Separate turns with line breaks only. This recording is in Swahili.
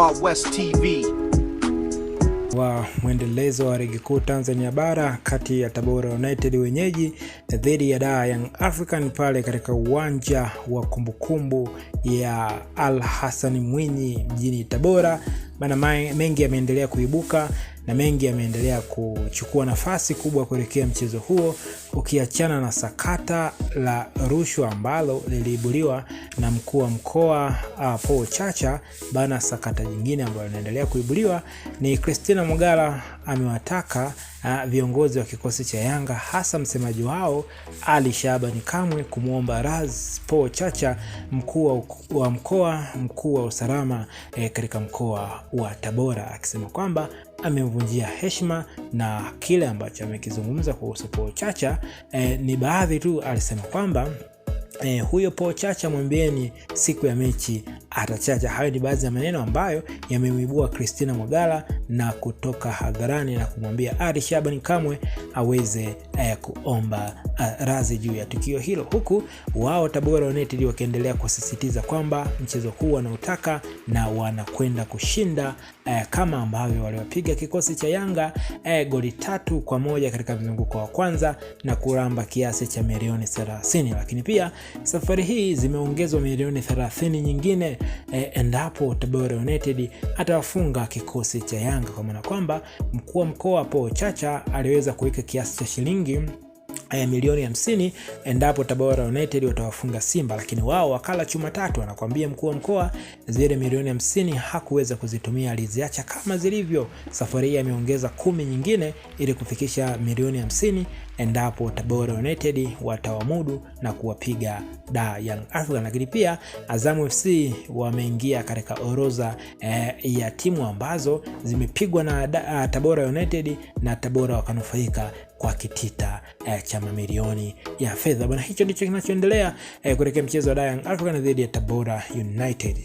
Wild West TV wa mwendelezo wa ligi kuu Tanzania bara kati ya Tabora United wenyeji dhidi ya da Young African pale katika uwanja wa kumbukumbu ya Al Hassan Mwinyi mjini Tabora maana mengi yameendelea kuibuka na mengi yameendelea kuchukua nafasi kubwa kuelekea mchezo huo, ukiachana na sakata la rushwa ambalo liliibuliwa na mkuu wa mkoa uh, Paul Chacha bana. Sakata jingine ambalo linaendelea kuibuliwa ni kristina mugara amewataka viongozi wa kikosi cha Yanga hasa msemaji wao Ali Shabani Kamwe kumwomba Raspo Chacha mkuu wa mkoa mkuu wa usalama e, katika mkoa wa Tabora akisema kwamba amemvunjia heshima na kile ambacho amekizungumza kuhusu po Chacha e, ni baadhi tu. Alisema kwamba e, huyo po Chacha mwambieni siku ya mechi atachacha. Hayo ni baadhi ya maneno ambayo yamemwibua Christina Mwagala na kutoka hadharani na kumwambia Ali Shaban kamwe aweze eh, kuomba eh, radhi juu ya tukio hilo, huku wao Tabora United wakiendelea kusisitiza kwamba mchezo huu wanautaka na wanakwenda kushinda eh, kama ambavyo waliwapiga kikosi cha Yanga eh, goli tatu kwa moja katika mzunguko wa kwanza na kuramba kiasi cha milioni 30, lakini pia safari hii zimeongezwa milioni 30 nyingine eh, endapo Tabora United atawafunga kikosi cha Yanga, kwa maana kwamba mkuu wa mkoa Po Chacha aliweza kuweka kiasi cha shilingi ya milioni hamsini endapo Tabora United watawafunga Simba, lakini wao wakala chuma tatu. Anakuambia mkuu wa mkoa zile milioni hamsini hakuweza kuzitumia, aliziacha kama zilivyo. Safari hii ameongeza kumi nyingine ili kufikisha milioni hamsini endapo Tabora United watawamudu na kuwapiga da Young African. Lakini pia Azam FC wameingia katika orodha eh, ya timu ambazo zimepigwa na da, uh, Tabora United na Tabora wakanufaika kwa kitita eh, cha mamilioni ya fedha bwana. Hicho ndicho kinachoendelea eh, kuelekea mchezo wa Young Africans dhidi ya Tabora United.